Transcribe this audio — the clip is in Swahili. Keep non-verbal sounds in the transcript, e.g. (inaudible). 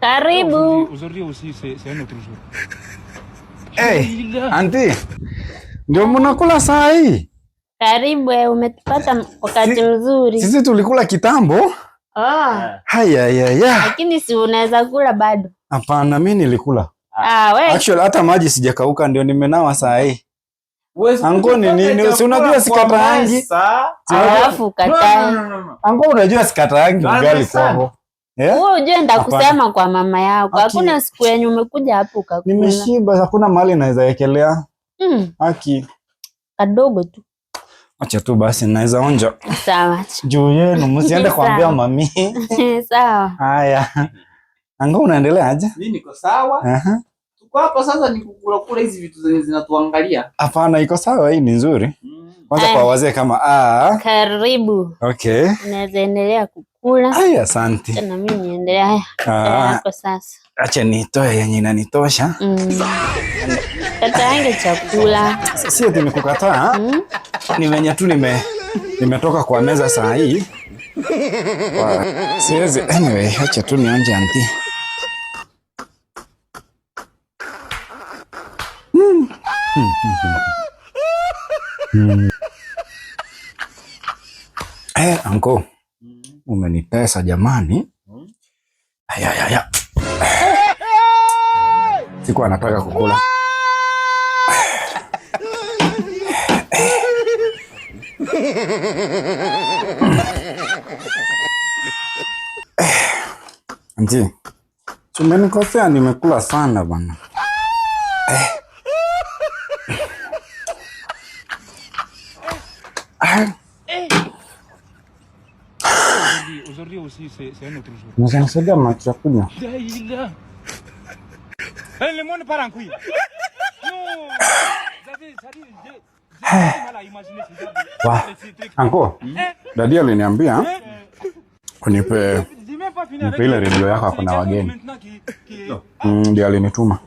Karibu. Uzuri usi sema tuzo. Eh, anti. Ndio mnakula saa hii? Karibu eh, umetupata wakati mzuri. Sisi tulikula kitambo. Ah. Haya ya ya. Lakini si unaweza kula bado. Hapana, mimi nilikula. Ah, wewe. Actually hata maji sijakauka ndio nimenawa saa hii. Ango ni nini? Si unajua rangi. Alafu kata. Ango unajua sikataangi ugali Yeah? Wewe ujue ndakusema kwa mama yako. Hakuna siku yenye umekuja hapo ukakula. Nimeshiba, hakuna mali naweza ekelea. Mm. Haki. Kadogo tu. Acha tu basi naweza onja. Sawa. Juu yenu msiende (laughs) kuambia mami. (laughs) Sawa. Haya. Ango unaendelea aje? Mimi niko sawa. Aha. Tuko hapa sasa ni kukula kula hizi vitu zenye zinatuangalia. Hapana, iko sawa, hii ni nzuri. Mm. Kwanza kwa eh. wazee kama ah. Karibu. Okay. Naweza endelea kukula. Haya, asante. Na mimi niendelee ah. haya. Hapo sasa. Acha nitoe yenye inanitosha. Mm. Kataange chakula. Sio nimekukataa. Ah? Mm. Ni venye tu nime nimetoka kwa meza saa hii. Siwezi anyway, acha tu nionje anti. Hmm. Eh, anko umenitesa jamani. Ayayaya, siku anataka kukula mji, umenikosea, nimekula sana bana eh. Unaweza nisaidia maji ya kunywa? Anko, dadi aliniambia nipe ile redio yako, akona wageni ndio alinituma